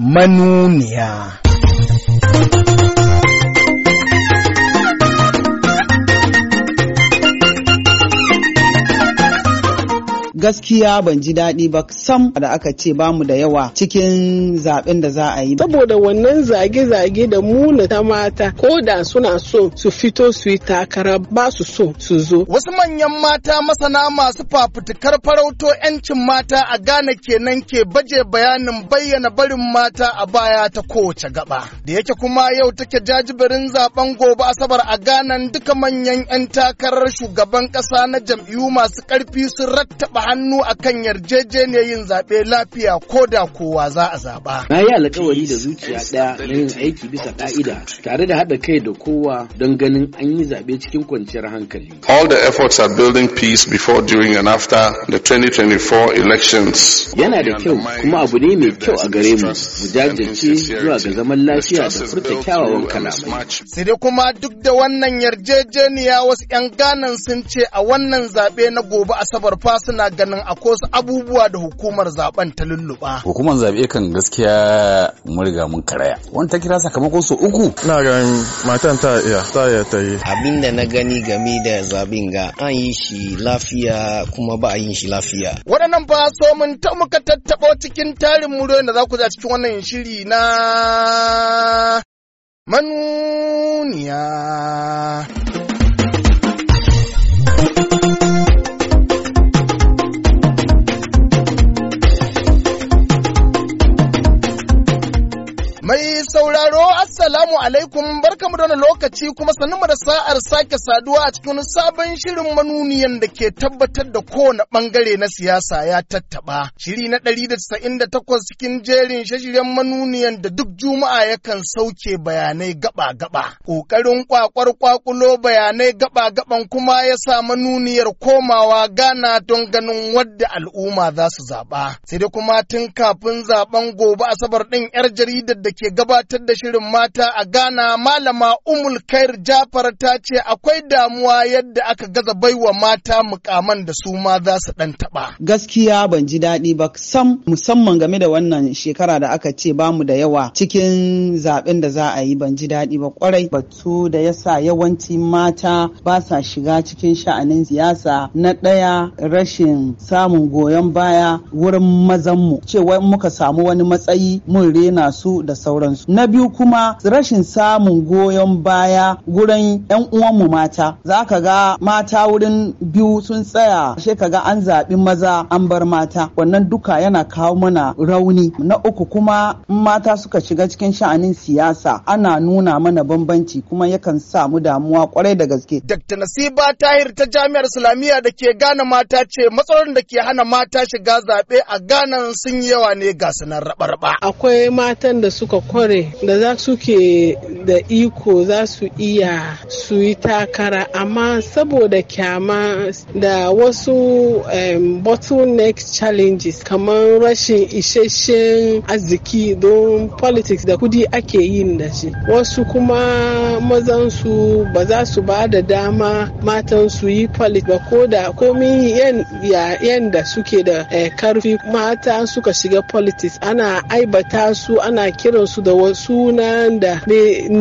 manuniya. gaskiya ban ji daɗi ba sam da aka ce bamu da yawa cikin zaben da za a yi. Saboda wannan zage-zage da muna ta mata ko da suna so su fito su yi takara ba su so su zo. Wasu manyan mata masana masu fafutukar farauto 'yancin mata a Ghana kenan ke baje bayanin bayyana barin mata a baya ta kowace gaba. Da yake kuma yau take jajibirin zaben gobe Asabar a Ghana duka manyan 'yan takarar shugaban ƙasa na jam'iyyu masu ƙarfi sun rattaba hannu a kan yarjejeniyar yin zaɓe lafiya ko da kowa za a zaɓa. Na yi alkawari da zuciya ɗaya na yin aiki bisa ƙa'ida tare da haɗa kai da kowa don ganin an yi zaɓe cikin kwanciyar hankali. All the efforts are building peace before, during and after the 2024 elections. Yana da kyau kuma abu ne mai kyau a gare mu mu jajirce zuwa ga zaman lafiya da furta kyawawan kalamai. Sai dai kuma duk da wannan yarjejeniya wasu 'yan ganan sun ce a wannan zaɓe na gobe Asabar fa suna ganin akwai wasu abubuwa da hukumar zaben ta lulluɓa. Hukumar zaɓe kan gaskiya mun riga mun karaya. Wani ta kira sakamakon su uku. Ina ganin matan ta iya ta iya ta yi. Abin da na gani game da zaɓen ga an yi shi lafiya kuma ba a yin shi lafiya. Waɗannan ba so mun ta muka tattaɓo cikin tarin muryoyin da za ku za cikin wannan shiri na manuni. Assalamu alaikum barkamu da wani lokaci kuma sannu da sa'ar sake saduwa a cikin sabon shirin manuniyan da ke tabbatar da kowane bangare na siyasa ya tattaba. Shiri na ɗari da da takwas cikin jerin shashiren manuniyan da duk juma'a yakan sauke bayanai gaba-gaba. Ƙoƙarin kwakwar kwakulo bayanai gaba-gaban kuma ya sa manuniyar komawa gana don ganin wadda al'umma za su zaɓa. Sai dai kuma tun kafin zaɓen gobe Asabar ɗin 'yar jaridar da ke gabatar da shirin mata a Ghana Malama Umul Kair Jafar ta ce akwai damuwa yadda aka gaza baiwa mata mukaman da su ma za su ɗan taɓa. Gaskiya ban ji daɗi ba sam musamman game da wannan shekara da aka ce bamu da yawa cikin zaɓen da za a yi ban ji daɗi ba kwarai batu da yasa yawanci mata ba sa shiga cikin sha'anin siyasa na ɗaya rashin samun goyon baya wurin mazan mu, cewa muka samu wani matsayi mun rena su da sauransu. Na biyu kuma rashin samun goyon baya gurin 'yan uwanmu mata za ka ga mata wurin biyu sun tsaya she ka ga an zaɓi maza an bar mata wannan duka yana kawo mana rauni na uku kuma mata suka shiga cikin sha'anin siyasa ana nuna mana bambanci kuma yakan sa mu damuwa kwarai da gaske. Dr. Nasiba Tahir ta Jami'ar Islamiyya da ke Ghana mata ce matsalolin da ke hana mata shiga zaɓe a Ghana sun yawa ne ga sanar raba-raba. Akwai matan da suka kware da za su ke da iko za su iya su yi takara amma saboda kyama da wasu um, bottleneck challenges kamar rashin isasshen arziki don politics da kudi ake yin da shi wasu kuma mazansu ba za su ba da dama matan su yi politics ba ko da komin yan da suke da eh, karfi mata suka shiga politics ana aibata su ana kiransu su da sunan da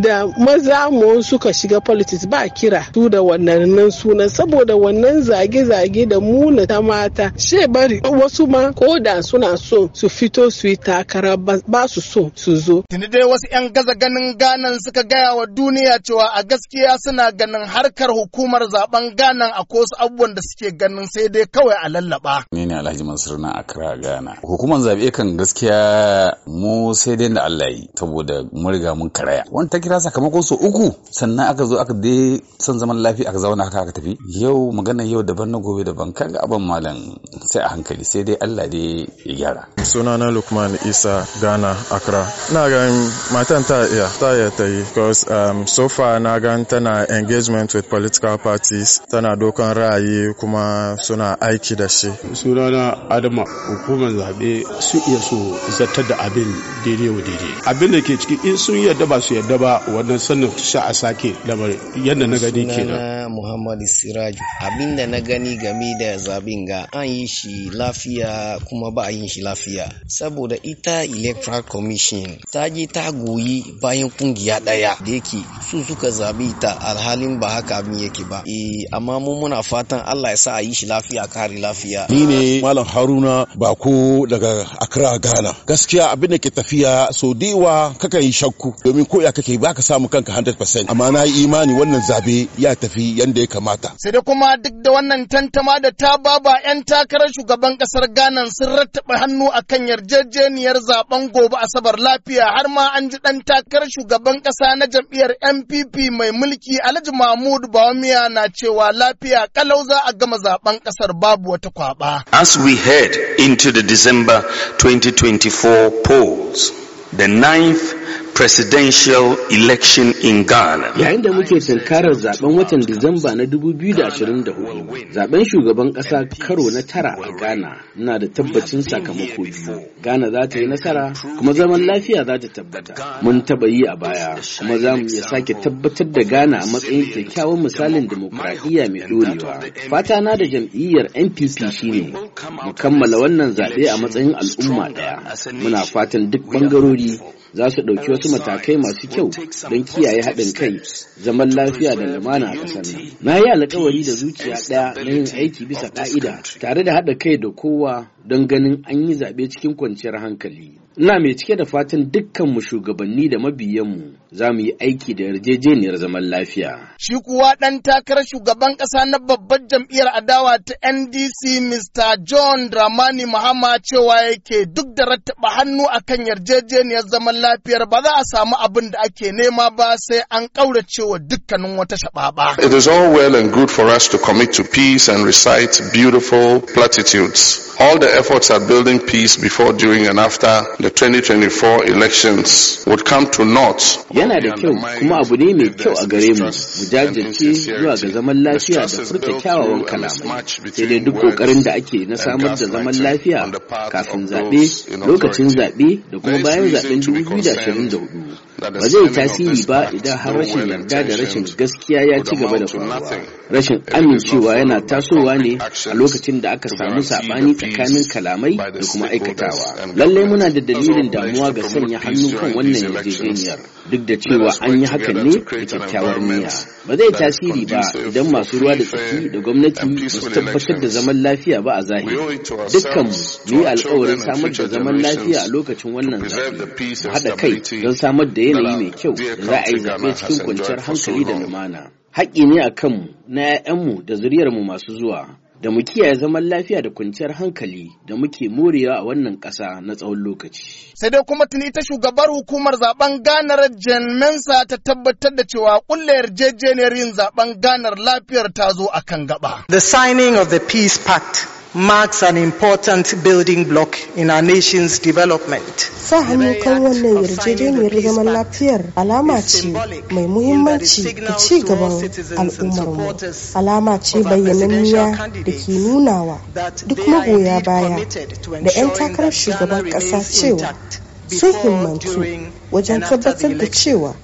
da maza mu suka shiga politics ba kira su da wannan sunan saboda wannan zage-zage da muna ta mata she bari wasu ma ko da suna so su fito su yi takara ba su so su zo. Tuni dai wasu 'yan gaza ganin ganan suka gaya wa duniya cewa a gaskiya suna ganin harkar hukumar zaben ganan a kosu abubuwan da suke ganin sai dai kawai a lallaba. Ni ne Alhaji Mansur na Accra Ghana. Hukumar zaɓe kan gaskiya mu sai dai da Allah yi saboda mun riga mun karaya wani ta kira sakamakon su uku sannan aka zo aka dai son zaman lafiya aka zauna haka aka tafi yau magana yau daban na gobe daban kaga abin malam sai a hankali sai dai Allah dai ya gyara sunana Lukman Isa Gana Akra, na ga matan ta iya ta iya ta yi because um, so far na gan tana engagement with political parties tana dokan ra'ayi kuma suna aiki da shi sunana Adama hukumar zabe su iya so zartar da abin daidai wa daidai abin da ke ciki in sun yarda ba su yadda ba wannan sannan sha a sake lamarin yadda na gani nana muhammad siraj abinda na gani game da zabin ga an yi shi lafiya kuma ba a yi shi lafiya saboda ita electoral commission ta je ta goyi bayan kungiya daya da yake su suka zabi ta alhalin ba haka abin yake ba eh amma mu muna fatan Allah ya sa a yi shi lafiya kare lafiya ni ne malam haruna bako daga accra ghana gaskiya abin da ke tafiya so dewa kakan yi shakku domin domin ko ya kake ba ka samu kanka 100% amma na yi imani wannan zabe ya tafi yanda ya kamata sai da kuma duk da wannan tantama da ta baba yan takarar shugaban kasar Ghana sun rattaba hannu akan yarjejeniyar zaben gobe asabar lafiya har ma an ji dan takarar shugaban kasa na jam'iyyar NPP mai mulki Alhaji Mahmud Bawumia na cewa lafiya kalau za a gama zaben kasar babu wata kwaba as we head into the December 2024 polls the ninth presidential election in Ghana. Yayin da muke tunkarar zaben watan Disamba na 2024, zaben shugaban ƙasa karo na tara a Ghana na da tabbacin sakamako biyu. Ghana za ta yi nasara kuma zaman lafiya za ta tabbata. Mun taba yi a baya kuma za mu sake tabbatar da Ghana a matsayin kyakkyawan misalin dimokuraɗiyya mai ɗorewa. Fata na da jam'iyyar NPP shine mu kammala wannan zaɓe a matsayin al'umma ɗaya. Muna fatan duk bangarori. za su ɗauki wasu matakai masu kyau don kiyaye haɗin kai zaman lafiya da lumana a ƙasar nan na yi alƙawari da zuciya ɗaya na yin aiki bisa ƙa'ida tare da haɗa kai da kowa don ganin an yi zaɓe cikin kwanciyar hankali ina mai cike da fatan dukkanmu shugabanni da mabiyanmu za mu yi aiki da yarjejeniyar zaman lafiya. Shi kuwa ɗan takarar shugaban ƙasa na babbar jam'iyyar adawa ta NDC Mr. John Dramani Mahama cewa yake duk da rattaba hannu yarjejeniyar zaman lafiyar ba za a samu abin da ake nema ba sai an ƙauracewa dukkanin wata It is all well and good for us to commit to peace and recite beautiful platitudes. All the efforts at building peace before, during and after the 2024 elections would come to naught. yana da kyau kuma abu ne mai kyau a gare mu mu jajirce zuwa ga zaman lafiya da furta kyawawan kalamai sai dai duk kokarin da ake na samar da zaman lafiya kafin zaɓe lokacin zaɓe da kuma bayan zaɓen 2024 ba zai tasiri ba idan har rashin yarda da rashin gaskiya ya ci gaba da faruwa rashin amincewa yana tasowa ne a lokacin da aka samu sabani tsakanin kalamai da kuma aikatawa lallai muna da dalilin damuwa ga sanya hannu kan wannan yarjejeniyar duk da cewa an yi hakan ne da kyakkyawar niyya ba zai tasiri ba idan masu ruwa da tsaki da gwamnati ba su tabbatar da zaman lafiya ba a zahiri dukkan mu yi alkawarin samar da zaman lafiya a lokacin wannan zaɓe haɗa kai don samar da yanayi mai kyau za a yi zaɓe cikin kwanciyar hankali da lumana. Haƙƙi ne a kanmu na 'ya'yanmu da zuriyarmu masu zuwa da mu kiyaye zaman lafiya da kwanciyar hankali da muke morewa a wannan ƙasa na tsawon lokaci. Sai dai kuma tuni ta shugabar hukumar zaben ganar Jan Mensa ta tabbatar da cewa kulle yarjejeniyar yin zaben ganar lafiyar ta zo a kan gaba. The signing of the peace pact marks an important building block in our nation's development. Sa hannu kan wannan yarjejeniyar zaman lafiyar alama ce mai muhimmanci ga ci gaban al'ummarmu. Alama ce bayyananniya da ke nunawa duk magoya baya da 'yan takarar shugaban ƙasa cewa sun himmantu wajen tabbatar da cewa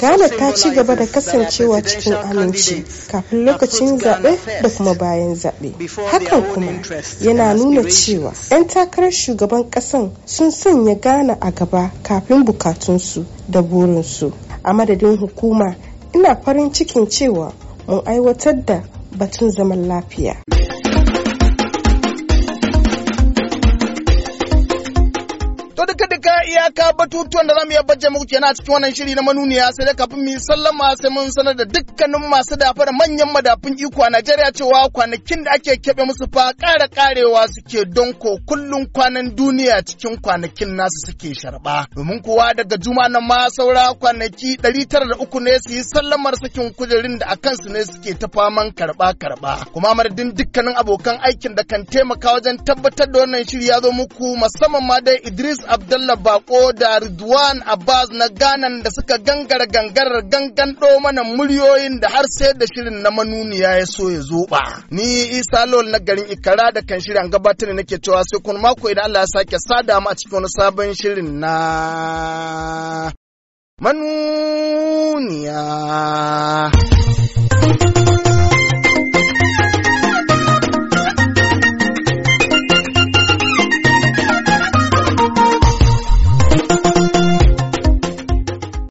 Ghana ta ci gaba da kasancewa cikin aminci kafin lokacin zaɓe da kuma bayan zaɓe. Hakan kuma yana nuna cewa 'yan takarar shugaban ƙasan sun sanya Ghana a gaba kafin bukatunsu da burinsu. A madadin hukuma, ina farin cikin cewa mun aiwatar da batun zaman lafiya. duka duka iyaka batutuwan da zamu iya bajje muku kenan a cikin wannan shiri na manuniya sai da kafin mu sallama sai mun sanar da dukkanin masu dafa da manyan madafun iko a Najeriya cewa kwanakin da ake kebe musu fa ƙara ƙarewa suke don ko kullun kwanan duniya cikin kwanakin nasu suke sharba domin kuwa daga juma na ma saura kwanaki 903 ne su yi sallamar sakin kujerin da akan su ne suke ta faman karba karba kuma madadin dukkanin abokan aikin da kan taimaka wajen tabbatar da wannan shiri ya zo muku musamman ma dai Idris Abdul Abdullah Bako da Ridwan Abbas na ganan da suka gangara gangarar gangan mana muryoyin da har sai da shirin na manuniya ya so ya ba. Ni Isa Lol na garin Ikara da kan shirin gabatar nake cewa sai kun mako idan Allah ya sake sada mu a cikin wani sabon shirin na manuniya.